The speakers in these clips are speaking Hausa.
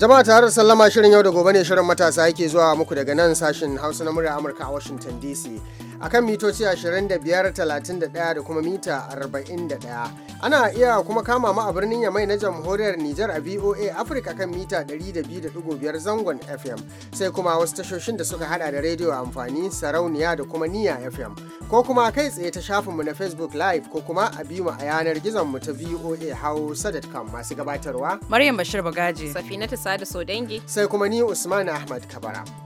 Jama'a tare sallama shirin yau da gobe ne shirin matasa yake zuwa muku daga nan sashin Hausa na murya Amurka a Washington DC. akan mitoci 25 31 da kuma mita 41 ana iya kuma kama ma a birnin yamai na jamhuriyar Nijar a VOA Africa kan mita 102.5 zangon FM sai kuma wasu tashoshin da suka hada da rediyo amfani sarauniya da kuma niya FM ko kuma kai tsaye ta shafinmu na Facebook Live ko kuma a biyu a yanar gizon mu ta VOA Hausa.com masu gabatarwa Maryam Bashir Bagaji Safinatu Sada dangi. sai kuma ni Usman Ahmad Kabara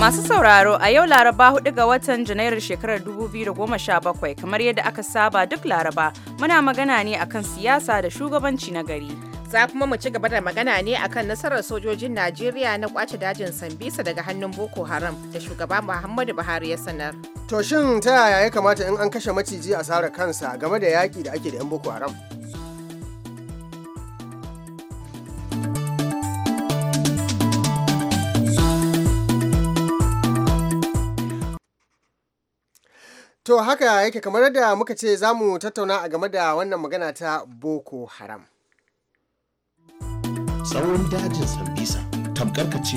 Masu sauraro a yau Laraba hudu ga watan Janairu shekarar 2017 kamar yadda aka saba duk Laraba muna magana ne akan siyasa da shugabanci na gari. Za kuma mu ci gaba da magana ne akan nasarar sojojin Najeriya na kwace dajin Sambisa daga hannun Boko Haram da shugaba Muhammadu Buhari ya sanar. To shin ta yaya ya kamata in an kashe maciji a sare kansa game da yaƙi da ake da 'yan Boko Haram? To haka yake kamar da muka ce za mu tattauna a game da wannan magana ta Boko Haram. Tsawon dajin Sambisa tamkar ka ce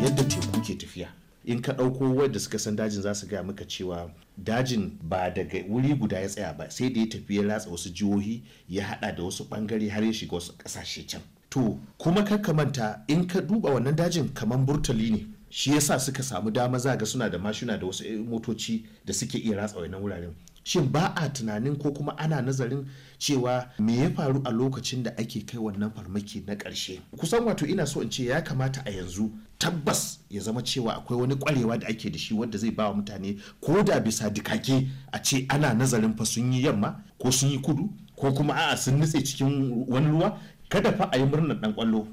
yadda teku ke tafiya. In ka ɗauko wadda suka san dajin za su gaya maka cewa dajin ba daga wuri guda ya tsaya ba sai da ya tafi ya ratsa wasu jihohi ya haɗa da wasu ɓangare har ya shiga wasu ƙasashe can. To kuma kar ka manta in ka duba wannan dajin kamar burtali ne shi yasa suka samu dama zaga suna da mashina da wasu eh, motoci da suke iya ratsa wannan wuraren shin ba a tunanin ko kuma ana nazarin cewa me ya faru a lokacin da ake kai wannan farmaki na ƙarshe kusan wato ina so in ce ya kamata a yanzu tabbas ya zama cewa akwai wani kwarewa da ake da shi wanda zai ba wa mutane ko da bisa dikake a ce ana nazarin fa sun yi yamma ko sun yi kudu ko kuma a'a sun nutse cikin wani ruwa kada fa a yi murnar dan kwallo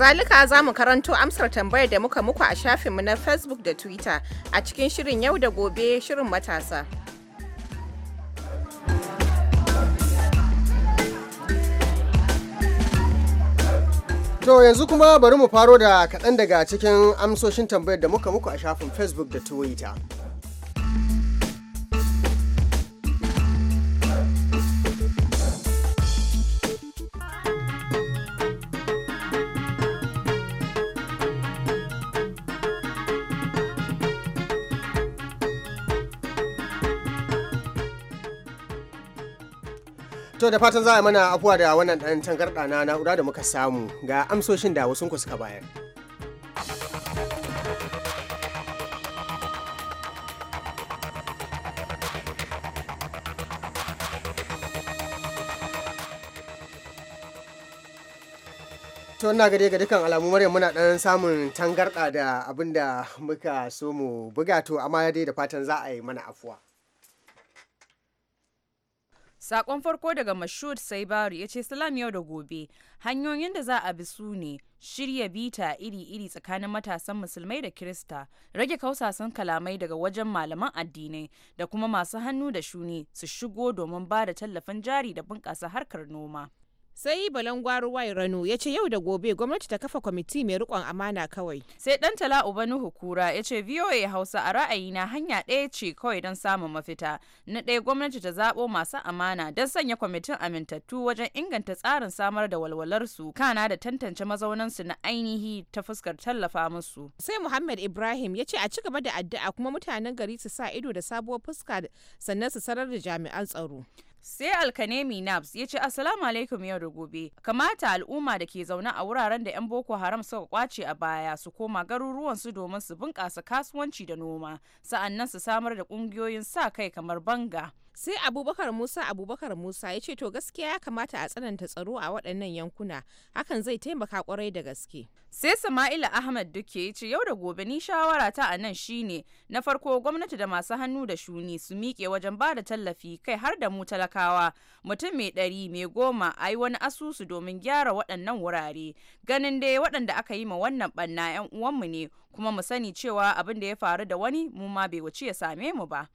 Kazalika za mu karanto amsar tambayar da muka muku a shafin mu na Facebook da Twitter a cikin shirin yau da gobe shirin matasa. To yanzu kuma bari mu faro da kaɗan daga cikin amsoshin tambayar da muka muku a shafin Facebook da Twitter. To da fatan za a mana afuwa da wannan ɗan tangarɗa na na'ura da muka samu ga amsoshin da wasunku suka bayar. to ina gade ga dukkan alamu maryam muna dan samun tangarɗa da abinda muka so mu buga to amma dai da fatan za a yi mana afuwa Sakon farko daga Mashud Saibari ya ce salam yau da gobe hanyoyin da za a bi su ne shirya bita iri-iri tsakanin matasan musulmai da Kirista, rage kausasan kalamai daga wajen malaman addinai da kuma masu hannu da shuni su shigo domin ba da tallafin jari da bunƙasa harkar noma. sai balangwaru wai rano ya ce yau da gobe gwamnati ta kafa kwamiti mai rikon amana kawai sai dan tala ubanuhu kura ya ce voa hausa a ra'ayina hanya ɗaya ce kawai don samun mafita na ɗaya gwamnati ta zaɓo masu amana don sanya kwamitin amintattu wajen inganta tsarin samar da walwalarsu kana da tantance mazaunansu na ainihi ta fuskar tallafa musu sai muhammad ibrahim ya ce a ci gaba da addu'a kuma mutanen gari su sa ido da sabuwar fuska sannan su sanar da jami'an tsaro sai alkanemi nabs ya ce assalamu alaikum yau da gobe kamata al'umma da ke zaune a wuraren da 'yan boko haram suka kwace a baya su koma garuruwansu domin su bunƙasa kasuwanci da noma sa'annan su samar da ƙungiyoyin sa kai kamar banga sai abubakar musa abubakar musa ya ce to gaskiya ya kamata a tsananta tsaro a waɗannan yankuna hakan zai taimaka kwarai da gaske sai sama'ila ahmad duke ya ce yau da gobe ni shawara ta a nan shine na farko gwamnati da masu hannu da shuni su miƙe wajen ba da tallafi kai har da mu talakawa mutum mai ɗari mai goma a yi wani asusu domin gyara waɗannan wurare ganin dai waɗanda aka yi ma wannan ɓanna 'yan uwanmu ne kuma mu sani cewa abin da ya faru da wani mu ma bai wuce ya same mu ba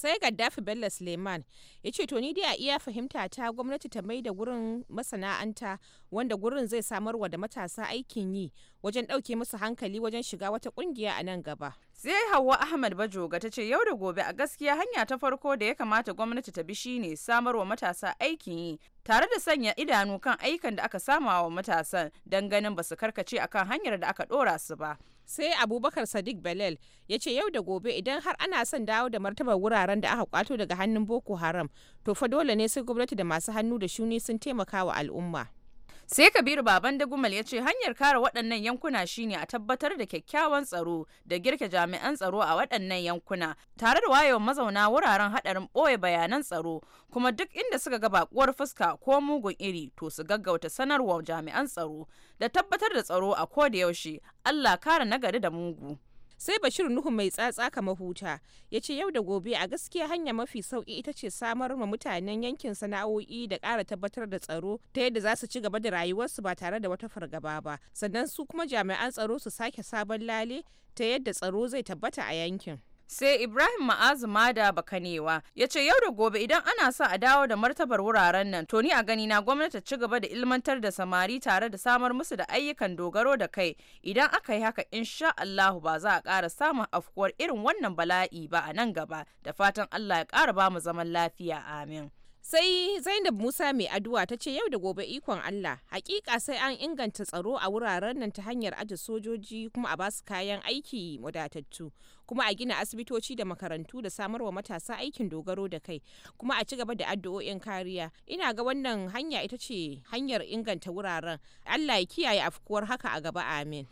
sai gaddafi bello suleiman ya ce to ni dai a iya fahimta ta gwamnati ta mai da gurin masana'anta wanda gurin zai samarwa da matasa aikin yi wajen ɗauke musu hankali wajen shiga wata kungiya a nan gaba sai hawa ahmad bajoga ta ce yau da gobe a gaskiya hanya ta farko da ya kamata gwamnati ta bi shine samarwa matasa aikin yi tare da sanya idanu kan aikan da aka sama wa matasan don ganin ba su karkace akan hanyar da aka ɗora su ba sai abubakar sadiq belal ya ce yau da gobe idan har ana son dawo da martabar wuraren da aka kwato daga hannun boko haram to fa dole ne sai gwamnati da masu hannu da shuni sun taimaka wa al'umma sai kabiru baban dagumal ya ce hanyar kare waɗannan yankuna shine a tabbatar da kyakkyawan tsaro da girke jami'an tsaro a waɗannan yankuna tare da wayewar mazauna wuraren haɗarin ɓoye bayanan tsaro kuma duk inda suka ga bakuwar fuska ko mugun iri to su gaggauta sanarwa jami'an tsaro da tabbatar da tsaro a ko da yaushe allah kare nagari da mugu sai bashir nuhu mai tsatsa ka huta ya ce yau da gobe a gaskiya hanya mafi sauki ita ce samar ma mutanen yankin sana'o'i da ƙara tabbatar da tsaro ta yadda za su ci gaba da rayuwarsu ba tare da wata fargaba ba sannan su kuma jami'an tsaro su sake sabon lale ta yadda tsaro zai tabbata a yankin sai ibrahim ma'azu mada bakanewa ya ce yau da gobe idan ana sa a dawo da martabar wuraren nan to ni a gani na gwamnati ci gaba da ilmantar da samari tare da samar musu da ayyukan dogaro da kai idan aka yi haka insha allahu ba za a ƙara samun afkuwar irin wannan bala'i ba a nan gaba da fatan allah ya ƙara ba mu zaman lafiya amin sai zainab musa mai addu'a ta ce yau da gobe ikon allah hakika sai an inganta tsaro a wuraren nan ta hanyar aje sojoji kuma a basu kayan aiki wadatattu kuma a gina asibitoci da makarantu da samarwa matasa aikin dogaro da kai kuma a ci gaba da addu'o'in kariya ina ga wannan hanya ita ce hanyar inganta wuraren allah ya kiyaye afkuwar haka a gaba amin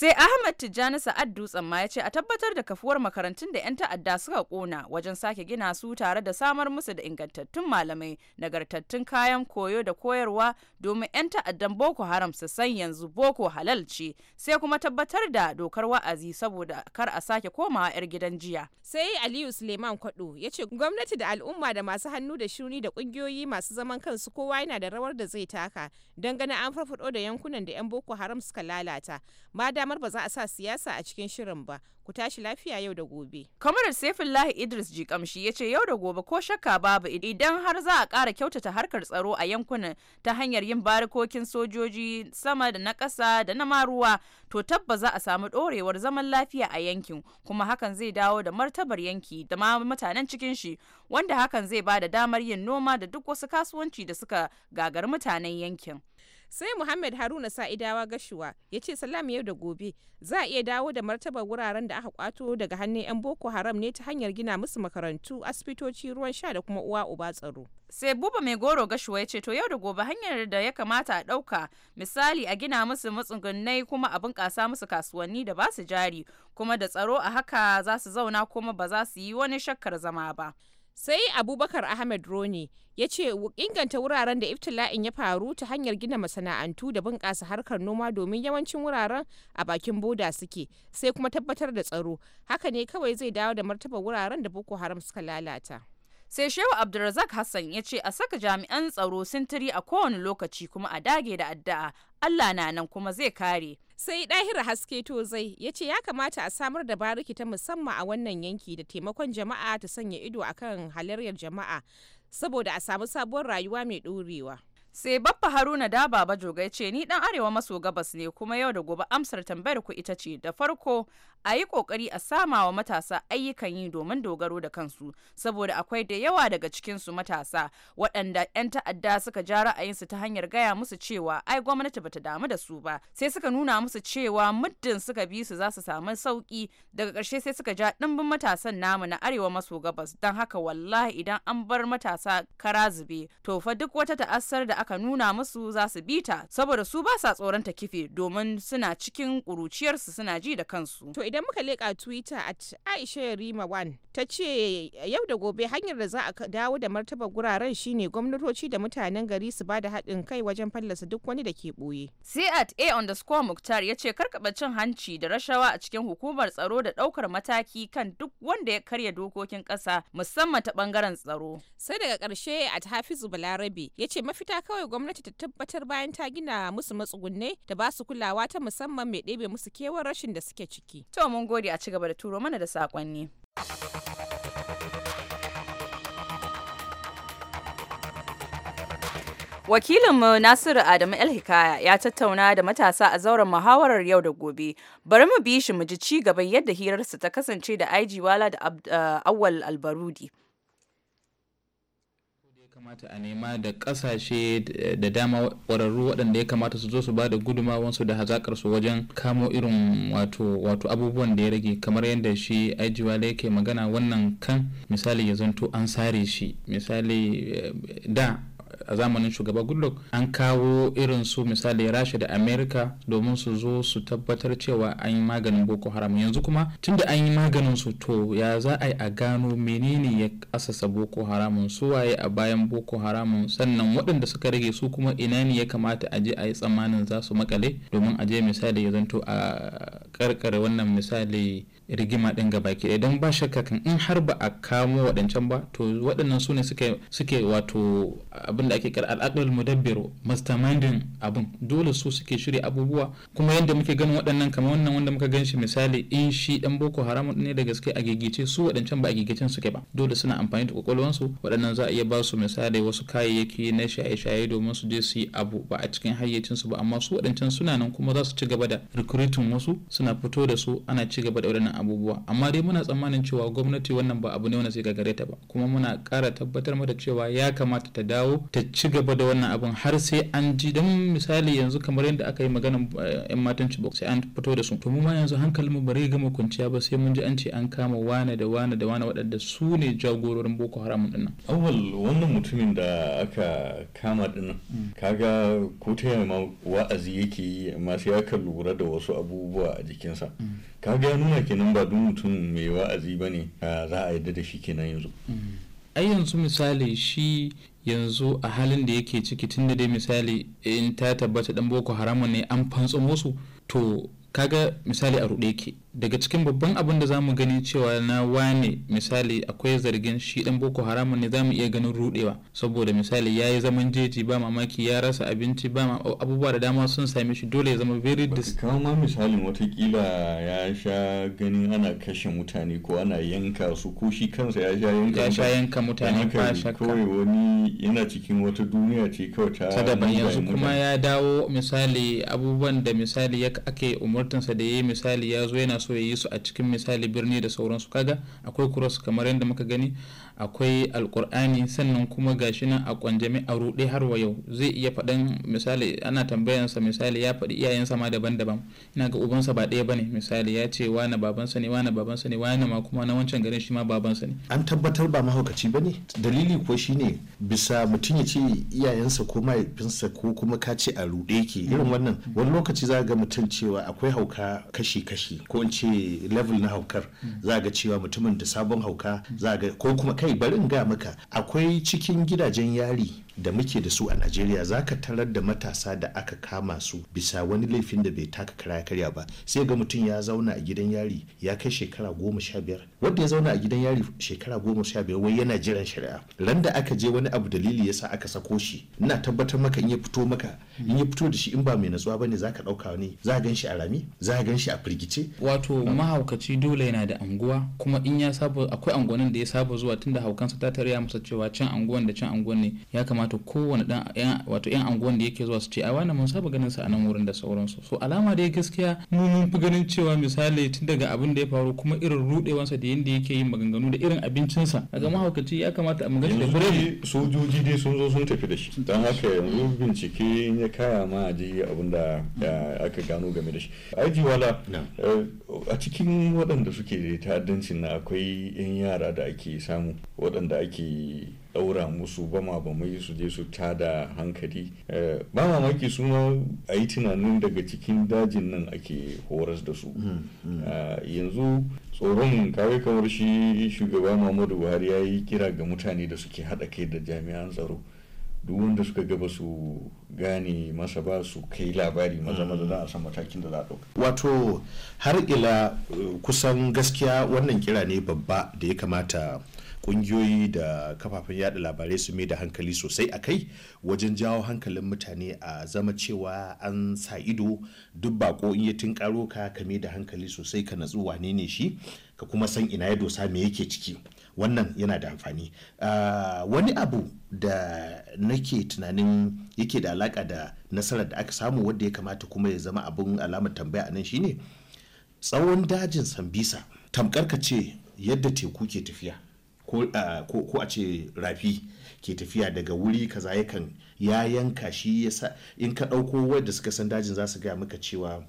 sai ahmad tijjani sa'ad dutsen ma ya ce a tabbatar da kafuwar makarantun da 'yan ta'adda suka kona wajen sake gina su tare da samar musu da ingantattun malamai nagartattun kayan koyo da koyarwa domin 'yan ta'addan boko haram su san yanzu boko halal ce sai kuma tabbatar da dokar wa'azi saboda kar a sake komawa 'yar gidan jiya sai aliyu suleiman kwado ya ce gwamnati da al'umma da masu hannu da shuni da kungiyoyi masu zaman kansu kowa yana da rawar da zai taka don ganin an farfado da yankunan da 'yan boko haram suka lalata ma damar ba za a sa siyasa a cikin shirin ba ku tashi lafiya yau da gobe. Kamar Saifullahi Idris Jikamshi ya ce yau da gobe ko shakka babu idan har za a ƙara kyautata harkar tsaro a yankunan ta hanyar yin barikokin sojoji sama da na ƙasa da na maruwa to tabba za a samu ɗorewar zaman lafiya a yankin kuma hakan zai dawo da martabar yanki da ma mutanen cikin shi wanda hakan zai ba da damar yin noma da duk wasu kasuwanci da suka gagari mutanen yankin. sai muhammad haruna sa'idawa gashuwa ya ce salam yau da gobe za a iya dawo da martabar wuraren da aka kwato daga hannun 'yan boko haram ne ta hanyar gina musu makarantu asibitoci ruwan sha da kuma uwa uba tsaro sai buba mai goro gashuwa ya ce to yau da gobe hanyar da ya kamata a ɗauka misali a gina musu matsugunai kuma a bunƙasa musu kasuwanni da ba su jari kuma da tsaro a haka za su zauna kuma ba za su yi wani shakkar zama ba sai abubakar ahmed roni ya ce inganta wuraren da iftila'in ya faru ta hanyar gina masana'antu da bunƙasa harkar noma domin yawancin wuraren a bakin boda suke sai kuma tabbatar da tsaro haka ne kawai zai dawo da martaba wuraren da boko haram suka lalata sai shehu abdulrazak hassan ya ce a saka jami'an tsaro sintiri a kowane lokaci kuma a dage da addu'a allah na nan kuma zai kare sai ɗahira haske to zai ya ce ya kamata a samar da bariki ta musamman a wannan yanki da taimakon jama'a ta sanya ido akan halayyar jama'a saboda a samu sabuwar rayuwa mai ɗorewa. sai babba haruna da baba jogai ce ni dan arewa maso gabas ne kuma yau da gobe amsar tambayar ku ita ce da farko a yi kokari a sama wa matasa ayyukan yi domin dogaro da kansu saboda akwai da yawa daga cikinsu matasa waɗanda 'yan ta'adda suka ja ra'ayinsu ta hanyar gaya musu cewa ai gwamnati bata damu da su ba sai suka nuna musu cewa muddin suka bi su za su samu sauki daga ƙarshe sai suka ja ɗimbin matasan namu na arewa maso gabas don haka wallahi idan an bar matasa kara zube to fa duk wata ta'assar da aka nuna musu za su bi ta saboda su ba sa tsoron ta kife domin suna cikin ƙuruciyarsu suna ji da kansu idan muka leƙa twitter at aisha yarima wan ta ce yau da gobe hanyar da za a dawo da martaba guraren shine gwamnatoci da mutanen gari su ba da haɗin kai wajen fallasa duk wani da ke ɓoye. sai at a underscore muktar ya ce karkaba cin hanci da rashawa a cikin hukumar tsaro da ɗaukar mataki kan duk wanda ya karya dokokin ƙasa musamman ta ɓangaren tsaro. sai daga ƙarshe at hafizu balarabe ya ce mafita kawai gwamnati ta tabbatar bayan ta gina musu matsugunne da ba su kulawa ta musamman mai ɗebe musu kewar rashin da suke ciki. To mun gode a cigaba da turo mana da saƙonni. Wakilinmu Nasiru Adamu El-Hikaya ya tattauna da matasa a zauren muhawarar yau da gobe. Bari mu bi shi mu ji ci gaban yadda hirarsa ta kasance da IG Wala da eh, Awwal Albarudi. kamata a nema da kasashe da dama ƙwararru waɗanda ya kamata su zo su ba da gudumawansu da su wajen kamo irin wato abubuwan da ya rage kamar yadda shi da yake magana wannan kan misali ya zanto an sare shi misali eh, da a zamanin shugaba goodluck an kawo irin su misali rasha da amerika domin su zo su tabbatar cewa an yi maganin boko haram yanzu kuma tunda an yi maganin su to ya za a yi a gano menene ya kasasa boko haramun su waye a bayan boko haramun sannan waɗanda suka rage su kuma ina ne ya kamata a je a yi tsammanin za su makale domin a je misali ya zanto a karkare wannan misali rigima din gaba ki idan ba shakka kan in har ba a kamo waɗancan ba to waɗannan su ne suke wato abin da ake kira al'aqal mudabbiru mastermindin abin dole su suke shirya abubuwa kuma yadda muke ganin waɗannan kamar wannan wanda muka gan shi misali in shi dan boko haram ne da gaske a gigice su waɗancan ba a gigicen suke ba dole suna amfani da kwakwalwansu waɗannan za a iya ba su misali wasu kayayyaki na shaye-shaye domin su je su yi abu ba a cikin hayyacinsu ba amma su waɗancan suna nan kuma za su ci gaba da recruiting wasu suna ana fito da su ana ci gaba da waɗannan abubuwa amma dai muna tsammanin cewa gwamnati wannan ba abu ne wanda sai gagare ta ba kuma muna ƙara tabbatar mata cewa ya kamata ta dawo ta ci gaba da wannan abun har sai an ji don misali yanzu kamar yadda aka yi magana yan eh, matan ci sai an fito da su to mu ma yanzu mu ba zai gama kwanciya ba sai mun ji an ce an kama wane da wane da wane waɗanda su ne jagororin Boko Haram din nan awal wannan mutumin da aka kama din mm. kaga ko ta ma wa'azi yake yi amma sai aka lura da wasu abubuwa a jikinsa kaga ya nuna kenan ba duk mutum mai wa'azi ba ne za a yadda da shi kenan yanzu mm. ai yanzu misali shi yanzu a halin da yake ciki tun da dai misali in ta tabbata dan boko haramun ne an fantsamo musu to kaga misali a ruɗe ke daga cikin babban abin da zamu gani cewa na wane misali akwai zargin shi dan boko haramun ne zamu iya ganin rudewa saboda misali ya yi zaman jeji ba mamaki ya rasa abinci ba abubuwa da dama sun same shi dole ya zama very dis kawo ma misalin watakila ya sha gani ana kashe mutane ko ana yanka su ko shi kansa ya sha yanka ya sha yanka mutane ba shakka kawai wani yana cikin wata duniya ce kawai ta ban yanzu kuma ya dawo misali abubuwan da misali ake umurtansa da yayi misali ya zo yana so ya yi su a cikin misali birni da sauransu kaga akwai cross kamar yadda muka gani akwai alkur'ani sannan kuma gashi nan a kwanjami a ruɗe har wa yau zai iya faɗan misali ana tambayansa misali ya faɗi iyayensa ma daban-daban ina ga ubansa ba ɗaya bane misali ya ce wani babansa ne wani babansa ne wani ma kuma na wancan garin shi ma babansa ne an tabbatar ba mahaukaci bane dalili ko shine bisa mutum ya ce iyayensa ko mahaifinsa ko kuma ka ce a ruɗe yake irin wannan wani lokaci za ga mutum cewa akwai hauka kashi-kashi ko in ce level na haukar za ga cewa mutumin da sabon hauka za ga ko kuma kai bari in ga maka akwai cikin gidajen yari da muke da su a Najeriya ka tarar da matasa da aka kama su bisa wani laifin da bai taka karya karya ba sai ga mutum ya zauna a gidan yari ya kai shekara goma sha biyar wanda ya zauna a gidan yari shekara goma sha biyar wai yana jiran shari'a ran da aka je wani abu dalili yasa aka sako shi ina tabbatar maka in ya fito maka in ya fito da shi in ba mai natsuwa bane ka ɗauka ne za gan shi a rami za gan shi a firgice wato mahaukaci dole yana da anguwa kuma in ya saba akwai anguwannin da ya saba zuwa tunda haukansa ta tarya masa cewa can anguwan da can anguwan ne ya kamata kamata kowane dan wato yan anguwan da yake zuwa su ce ai wannan mun saba ganin sa a nan wurin da sauransu so alama da gaskiya mu mun fi ganin cewa misali tun daga abin da ya faru kuma irin sa da yanda yake yin maganganu da irin abincinsa a ga mahaukaci ya kamata a magana da sojoji dai sun zo sun tafi da shi dan haka yanzu bincike ya kaya ma a ji abin da aka gano game da shi aji wala eh, a cikin waɗanda suke ta'addancin na akwai 'yan yara da ake samu waɗanda ake ɗaura musu bama ba mai su je su tada hankali eh, ba mamaki su ma a yi tunanin daga cikin dajin nan ake horas da su hmm, hmm. Ah, yanzu tsoron kawai kamar shi shugaba muhammadu buhari ya yi kira ga mutane da suke haɗa kai da jami'an tsaro duk wanda suka gaba su gane masa ba su kai labari maza maza hmm. za a san matakin da za a ɗauka. wato har ila eh, kusan gaskiya wannan kira ne babba da ya kamata kungiyoyi da kafafen yada labarai su mai da hankali sosai a kai wajen jawo hankalin mutane a zama cewa an sa ido duk bako in ya tunkaro ka ka mai da hankali sosai ka natsu wane ne shi ka kuma san ina ya dosa me yake ciki wannan yana da amfani wani abu da nake tunanin yake da alaka da nasarar da aka samu wadda ya kamata kuma ya zama abun alamar tambaya a nan shine tsawon dajin sambisa tamkar ka ce yadda teku ke tafiya Ah, ko a ce rafi ke tafiya daga wuri kaza yakan ya yanka shi yasa in ka ɗauko wadda suka san dajin za su gaya maka cewa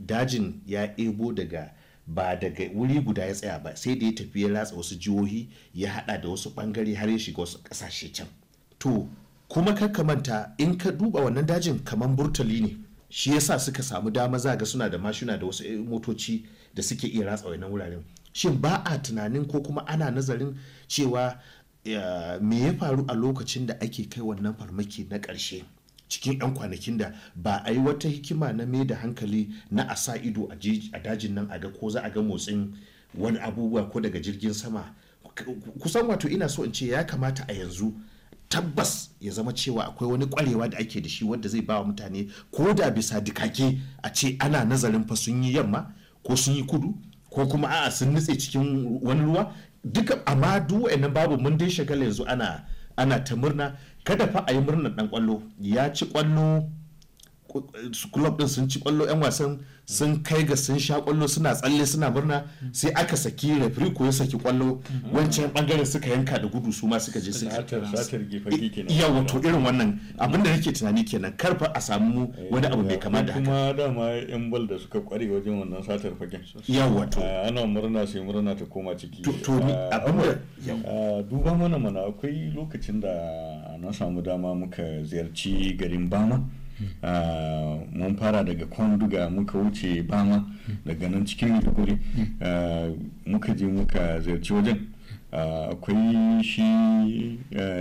dajin ya ebo daga ba daga wuri guda ya tsaya ba sai da ya tafi ya ratsa wasu jihohi ya hada da wasu bangare har ya shiga wasu kasashe can to kuma ka manta in ka duba wannan dajin kamar burtali ne shi yasa suka samu dama za ga suna da mashina da wasu eh, motoci da suke iya ratsa wannan wuraren shin ba a tunanin ko kuma ana nazarin cewa me ya faru a lokacin da ake kai wannan farmaki na ƙarshe cikin 'yan kwanakin da ba a yi wata hikima na mai da hankali na a sa ido a dajin nan a ga ko za a ga motsin wani abubuwa ko daga jirgin sama kusan wato ina so in ce ya kamata a yanzu tabbas ya zama cewa akwai wani kwarewa da ake da shi wanda zai bawa mutane ko da bisa dikake a ce ana nazarin fa sun yi yamma ko sun yi kudu ko kuma a'a sun nutse cikin wani ruwa duka amma duk wa'annan babu mun dai shagala yanzu ana ana ta murna kada fa a yi murnar dan kwallo ya ci kwallo club din sun ci kwallo yan wasan sun kai ga sun sha kwallo suna tsalle suna murna sai aka saki referee ko ya saki kwallo wancan bangaren suka yanka da gudu su ma suka je suka iya wato irin wannan abinda da nake tunani kenan karfa a samu wani abu mai kama da haka kuma dama yan bal da suka kware wajen wannan satar fagen iya wato eh, ana murna sai murna ta koma ciki to eh, abin eh, duba mana mana akwai lokacin da na samu dama muka ziyarci garin bama Ah, mun fara daga kwanduga muka wuce bama daga nan cikin maiduguri ah, muka je muka ziyarci wajen ah, akwai shi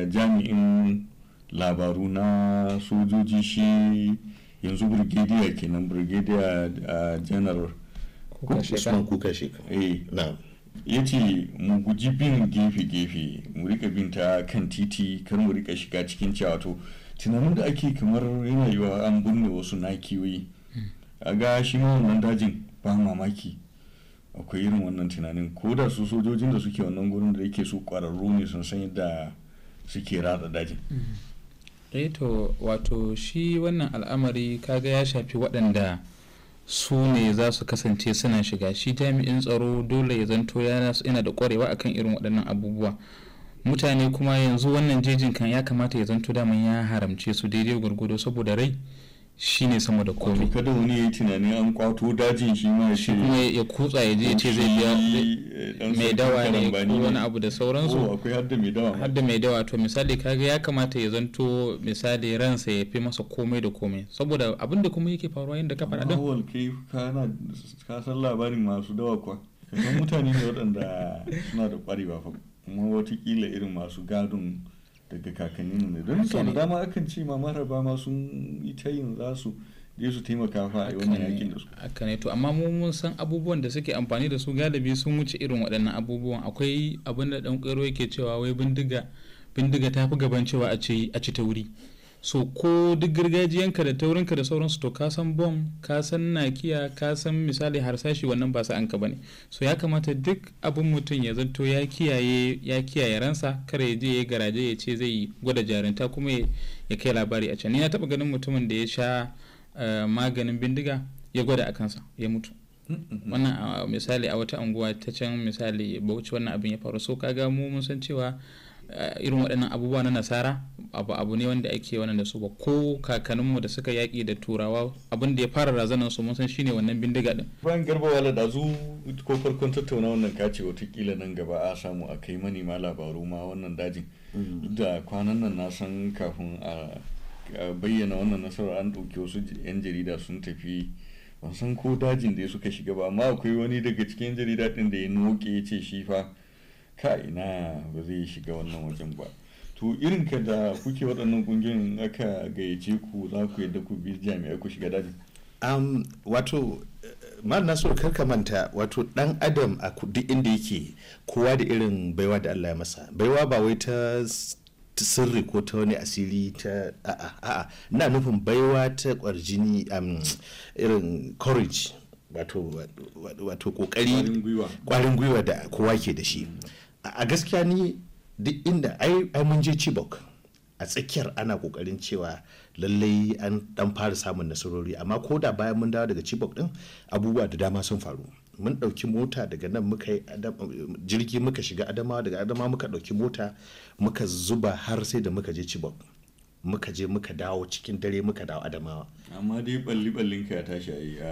jami'in labaru na sojoji shi yanzu brigadier kenan brigadier general usman kuka shekara eh. ya ce mu guji bin gefe-gefe mu rika bin ta kan titi kar mu rika shiga cikin cewa to tunanin da ake kamar yana yiwa an binne wasu na a ga shi ma wannan dajin ba mamaki akwai irin wannan tunanin ko da su sojojin da suke wannan gurin da yake su kwararru ne sun san yadda suke rada dajin eh to wato shi wannan al'amari kaga ya shafi waɗanda su ne za su kasance suna shiga shi jami'in tsaro dole ya zanto yana da kwarewa akan irin waɗannan abubuwa mutane kuma yanzu wannan jejin kan ya kamata ya zanto daman ya haramce su daidai gwargwado saboda rai shi ne sama da komai kada wani ya tunanin an kwato dajin shi ma shi kuma ya kutsa ya je ce zai biya mai dawa ne ko wani abu da sauransu oh, akwai hadda mai dawa hadda mai dawa to misali kaga ya kamata ya zanto misali ransa ya fi masa komai da komai saboda abin da kuma yake faruwa yadda ka faɗa don awal kai kana ka san labarin masu dawa kwa kasan mutane ne waɗanda suna da ƙwarewa fa kuma watakila irin masu gadon daga kakannin ne don sau da dama akan ce ma maraba ma sun yi ta yin za su je su taimaka fa a wannan yakin da su a ne to amma mun san abubuwan da suke amfani da su galibi sun wuce irin waɗannan abubuwan akwai abin da dan kwaro yake cewa wai bindiga bindiga ta fi gaban cewa a ce a ci ta wuri so ko duk gargajiyanka da taurinka da sauransu to kasan bom kasan nakiya kasan misali harsashi wannan ba sa sa'anka bane so ya kamata duk abin mutum ya zanto ya kiyaye ya kiyaye ransa kar ya je ya garaje ya ce zai gwada jarinta kuma ya kai labari a can ni na taba ganin mutumin da ya sha eh, maganin bindiga ya gwada a kansa ya mutu wannan misali a wata unguwa ta can misali bauchi wannan abin ya faru so ga mu mun san cewa Eh, irin waɗannan abubuwa na nasara abu abu ne wanda ake wannan da su ba ko kakanninmu da suka yaƙi da turawa abin da ya fara razanan su mun san shine wannan bindiga din ban garba wala da zu ko farkon tattauna wannan kace watakila nan gaba a samu a kai mani ma labaru ma wannan dajin mm. da kwanan nan na san kafin a bayyana wannan nasarar an ɗauki wasu 'yan jarida sun tafi ban san ko dajin da suka shiga ba amma akwai wani daga cikin jarida din da ya noke ya ce shi fa ka ina ba zai shiga wannan wajen ba to irin ka da kuke waɗannan ƙungiyoyin aka gayyace ku za ku yadda ku bi jami'ai ku shiga daji um, wato mal karka manta wato dan adam a duk inda yake kowa da irin baiwa da allah ya masa baiwa ba wai ta sirri ko ta wani asiri ta a'a a'a na nufin baiwa ta kwarjini irin courage wato kokari kwarin gwiwa da kowa ke da shi a gaskiya ni duk inda ai mun je chibok a tsakiyar ana kokarin cewa lallai an dan fara samun nasarori amma ko da bayan mun dawo daga chibok din abubuwa da dama sun faru mun ɗauki mota daga nan muka yi jirgi muka shiga adamawa daga adama muka ɗauki mota muka zuba har sai da muka je chibok muka je muka dawo cikin dare muka dawo adamawa amma dai balli ballin ka tashi ayi a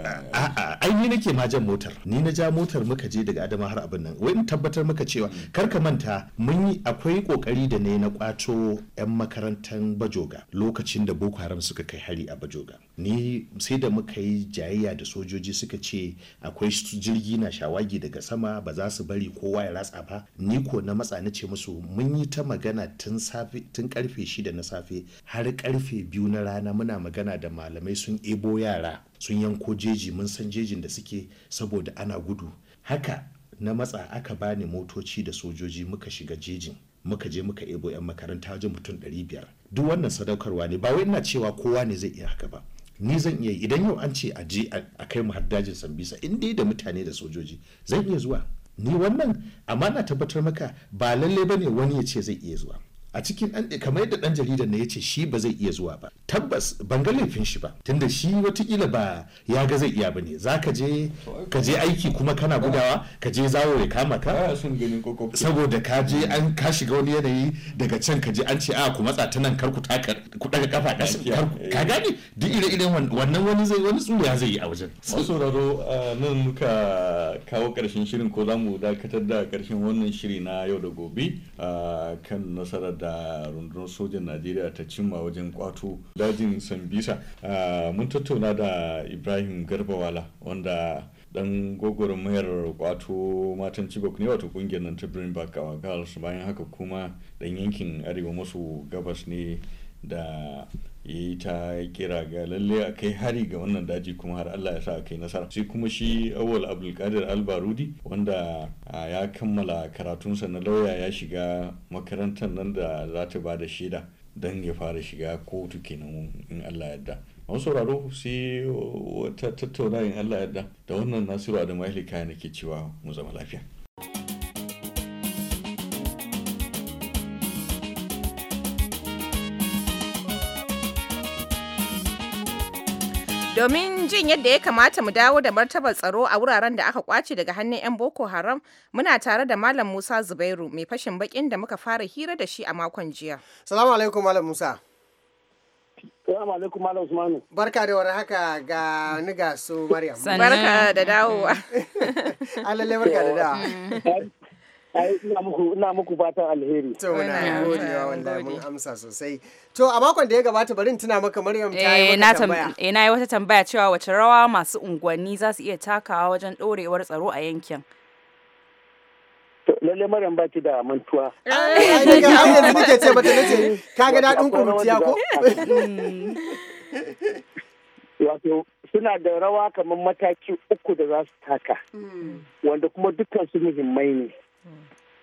ai ni nake ma jan motar ni na ja motar muka je daga adama har abin nan wai in tabbatar muka cewa mm. kar ka manta mun yi akwai kokari da ne na kwato yan makarantar bajoga lokacin da boko haram suka kai hari a bajoga ni sai da muka yi jayayya da sojoji suka ce akwai jirgi na shawagi daga sama ba za su bari kowa ya ratsa ba ni ko na matsa na ce musu mun yi ta magana tun safe tun karfe shida na safe har karfe biyu na rana muna magana da malamai sun ebo yara sun yanko jeji mun san jejin da suke saboda ana gudu haka na matsa aka bani motoci da sojoji muka shiga jejin muka je muka ebo 'yan makaranta wajen mutum 500 duk wannan sadaukarwa ne ba wai ina cewa kowa ne zai iya haka ba ni zan iya idan yau an ce a je a kai mu haddajin sambisa in dai da mutane da sojoji zan iya zuwa ni wannan amma na tabbatar maka ba lalle bane wani ya ce zai iya zuwa a cikin ɗan kamar yadda ɗan jaridar na ya ce shi ba zai iya zuwa ba tabbas ban ga laifin shi ba tunda shi watakila ba ya ga zai iya bane za ka je ka je aiki kuma kana gudawa ka je zawo ya kama ka saboda ka je an ka shiga wani yanayi daga can ka je an ce a ku matsa ta nan kar ku taka ku daga kafa ka gani duk ire-iren wannan wani zai wani tsuriya zai yi a wajen masu sauraro nan muka kawo karshen shirin ko zamu dakatar da karshen wannan shiri na yau da gobe kan nasarar da da rundunar sojan najeriya ta cimma wajen kwato dajin sambisa mun tattauna da ibrahim garbawala wanda dan mayar kwato matan chibok ne wata kungiyar nan ta birnin bakawa girls bayan haka kuma dan yankin arewa maso gabas ne da yi ta kira ga lalle a kai hari ga wannan daji kuma har Allah ya sa a kai nasara sai kuma shi awwal abdulkadir albarudi wanda ya kammala karatunsa na lauya ya shiga makarantar nan da za ta ba da shaida don ya fara shiga kotu kenan in Allah yadda an sauraro sai wata tattauna in Allah yadda da wannan nasiru da mahili ke cewa mu zama lafiya Domin jin yadda ya kamata mu dawo da martabar tsaro a wuraren da aka kwace daga hannun 'yan Boko Haram, muna tare da Malam Musa Zubairu mai fashin bakin da muka fara hira da shi a makon jiya. Salamu alaikum Malam Musa. Salamu alaikum Malam Usmanu. Barka da war haka ga ni ga su Maryam. Barka da dawowa. Alalle barka da dawowa. Mm. ina muku ina fatan alheri to na gode wa wallahi mun amsa sosai to a makon da ya gabata bari in tuna maka Maryam ta yi wata eh, tambaya eh na yi wata tambaya cewa wace rawa masu unguwanni za su iya takawa wajen dorewar tsaro a yankin lalle maryam ba ki da mantuwa ai yanzu nake ce mata nace kaga dadin kurutiya ko mm. wato suna da rawa kamar mataki uku da za su taka mm. wanda kuma dukkan su muhimmai ne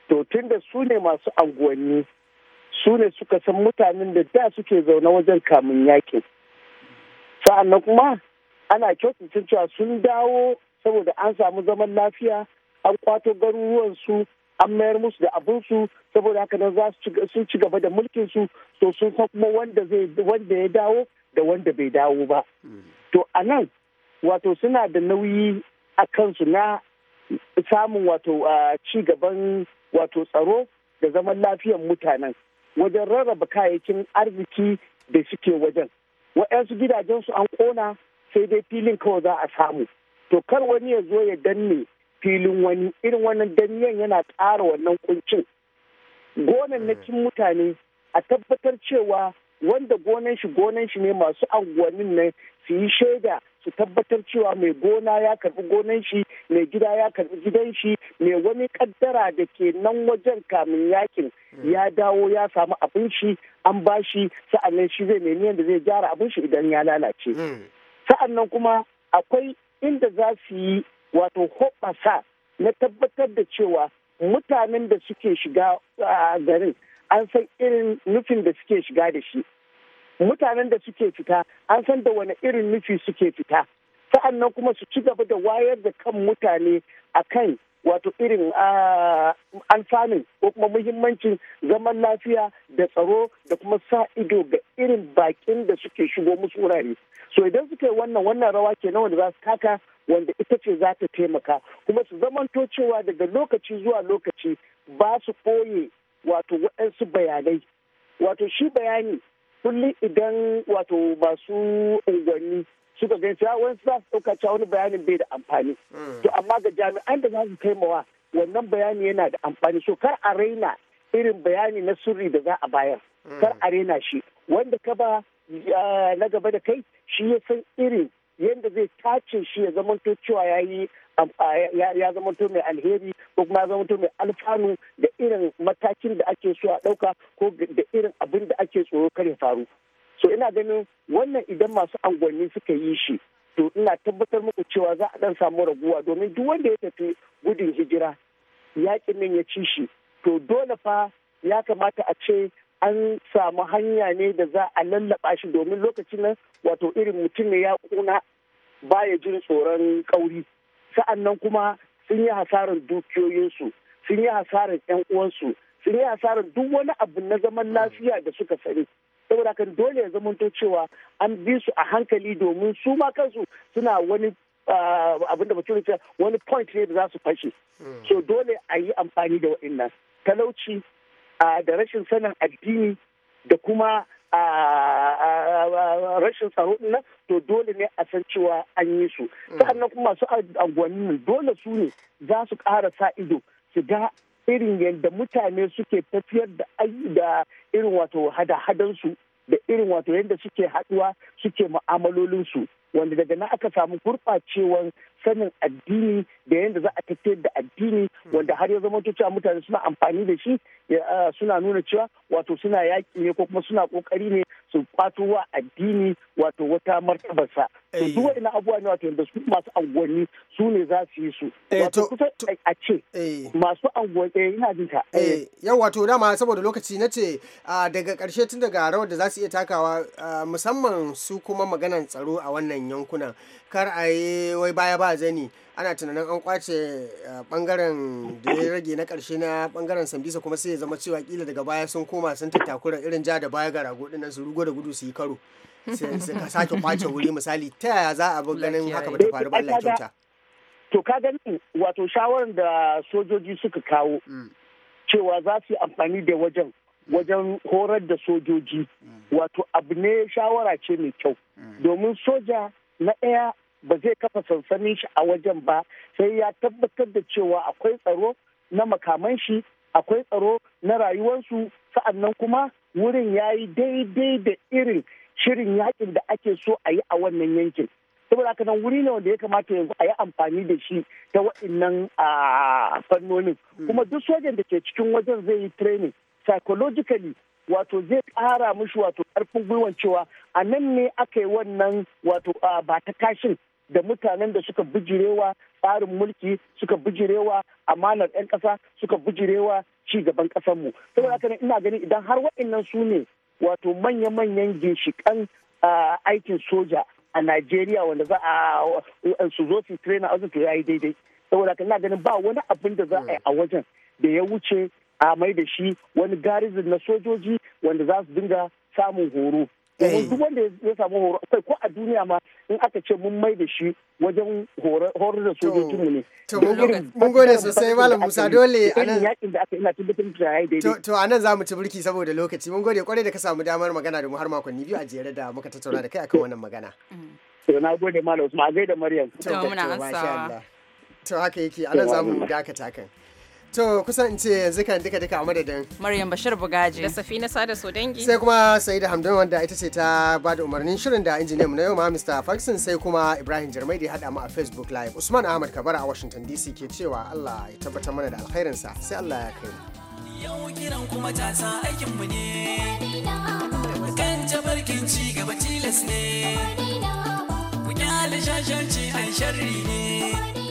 to tun da su ne masu anguwanni su ne suka san mutanen da da suke zaune wajen kamun yakin sa'annan kuma ana kyautata cewa sun dawo saboda an samu zaman lafiya an kwato garuruwansu an mayar musu da abinsu saboda haka nan za su ci gaba da mulkinsu to sun san kuma wanda wanda ya dawo da wanda bai dawo ba mm. to a nan wato suna da nauyi a kansu na samun wato ci gaban wato tsaro da zaman lafiyar mutanen wajen rarraba kayayyakin arziki da suke wajen waɗansu gidajensu an ƙona sai dai filin kawai za a samu to kar wani ya zo ya danne filin wani irin wannan danyen yana ƙara wannan kuncin gonannakin mm. mutane a tabbatar cewa wanda gonan shi gonan shi ne masu anguwannin nan su yi shaida su tabbatar cewa mai gona ya karbi gonan shi mai gida ya karbi gidan shi mai wani kaddara da ke nan wajen kamin yakin ya dawo ya samu abin shi an shi sa'annan shi zai nemi yadda zai gyara abin shi idan ya lalace hmm. sa'annan kuma akwai inda za su yi wato hoɓasa na tabbatar da cewa mutanen da suke shiga ah, garin an san irin nufin da suke shiga da shi mutanen da suke fita an san da wani irin nufi suke fita nan kuma su ci gaba da wayar da kan mutane a kan wato irin alfanun ko kuma muhimmancin zaman lafiya da tsaro da kuma sa ido ga irin bakin da suke shigo musu wurare so idan suka yi wannan wannan rawa kenan wanda za su taka wanda ita ce za ta taimaka kuma su zamanto cewa daga lokaci zuwa lokaci ba su koye wato waɗansu bayanai wato shi bayani kulli idan wato masu unguwanni suka gani cewa wani za su ɗauka cewa wani bayanin bai da amfani hmm. to amma ga jami'an da za su taimawa wannan bayani yana da amfani so kar a raina irin bayani na sirri da za a bayar hmm. kar a raina shi wanda ka ba na gaba da kai shi ya san irin yadda zai tace shi ya zamanto cewa ya yi ya zama to mai alheri ko kuma ya zama to mai alfanu da irin matakin da ake so a ɗauka ko da irin abin da ake tsoro ya faru so ina ganin wannan idan masu angwani suka yi shi to ina tabbatar muku cewa za a dan samu raguwa domin duk wanda ya tafi gudun hijira yaƙin nan ya ci shi to dole fa ya kamata a ce an samu hanya ne da za a lallaba shi domin lokacin nan wato irin mutum ne ya kuna baya jin tsoron kauri sa'an nan kuma sun yi hasarar dukiyoyinsu sun yi hasarar yan uwansu sun yi hasarar duk wani abu na zaman lafiya da suka sani saboda kan dole ya zamanto cewa an bi su a hankali domin su ma kansu suna wani ah, abin da mutum ce wani point ne da za su fashe hmm. so dole a yi amfani da waɗannan talauci ah, da rashin sanin addini da kuma a rashin tsaro nan to dole ne a san cewa an yi su mm. sa'annan kuma masu anguwannin dole su ne za su ƙara sa ido su ga irin yadda mutane suke tafiyar da da irin wato hada-hadansu da irin wato yadda suke haɗuwa suke mu'amalolinsu wanda daga na aka samu gurɓacewar sanin addini da yadda za a tafiyar da addini wanda har ya zama cewa mutane suna amfani da shi suna nuna cewa wato suna yaƙi ne ko kuma suna ƙoƙari ne su ƙwato wa addini wato wata martabarsa to eh. duk wani abubuwa ne wato yadda su masu angonni su ne za su yi su eh, wato kusa a ce eh. masu ya ina jin ta yau wato dama saboda lokaci na ce daga ƙarshe tun daga rawar da za su iya takawa musamman su kuma maganan tsaro a wannan waɗannan yankunan kar a yi wai baya ba zani ana tunanin an kwace bangaren eh, da ya rage na karshe na bangaren sambisa kuma sai ya zama cewa kila daga baya sun koma sun tattakura irin ja da baya ga rago dinnan su rugo da gudu su yi karo su ka sake kwace wuri misali ta yaya za a ganin haka bata faru ba Allah kyauta to ka ganin wato shawarar da sojoji suka kawo mm. cewa za su yi amfani da wajen wajen horar da sojoji mm. wato abu ne shawara ce mai kyau mm. domin soja na ɗaya ba zai kafa sansanin shi a wajen ba sai ya tabbatar da cewa akwai tsaro na makaman shi akwai tsaro na rayuwarsu sa'annan kuma wurin ya yi daidai da irin shirin yakin da ake so a yi a wannan yankin saboda haka nan wuri ne wanda ya kamata yanzu a yi amfani da shi ta waɗannan fannonin mm. kuma duk sojan da ke cikin wajen zai yi training psychologically wato zai ƙara mushi wato ƙarfin gwiwan cewa a nan ne aka yi wannan wato ba ta kashin da mutanen da suka bijirewa tsarin mulki suka bijirewa amanar 'yan ƙasa suka bijirewa ci gaban ƙasarmu saboda haka ina ganin idan har waɗannan su ne wato manya-manyan ginshiƙan aikin soja a Najeriya wanda za a su zo su trainer a to ya yi daidai saboda haka ina ganin ba wani abin da za a yi a wajen da ya wuce a mai da shi wani garizin na sojoji wanda za su dinga samun horo eh. duk wanda ya samu horo akwai ko a duniya ma in aka ce mun mai da shi wajen horar da mu ne. To mun gode sosai Malam Musa dole a nan. To a nan za mu ci burki saboda lokaci mun gode kwarai da ka samu damar magana da mu har makonni biyu a jere da muka tattauna da kai akan wannan magana. To na gode Malam Usman a gaida Maryam. To muna ansa. To haka yake a nan za mu dakata kan. To kusan ce yanzu kan duka duka a madadin. Maryam Bashir Bugaji. Da Safina Sada so dangi. Sai kuma Saida Hamdan wanda ita ce ta ba da umarnin shirin da injiniyan mu na yau ma Mr. Faxon sai kuma Ibrahim Jarmai da hada mu a Facebook Live. Usman Ahmad Kabara a Washington DC ke cewa Allah ya tabbatar mana da sa sai Allah ya kai mu. Yau kiran kuma tasa aikin mu ne. Kan jabarkin ci gaba tilas ne. Ku kyale shashanci an sharri ne.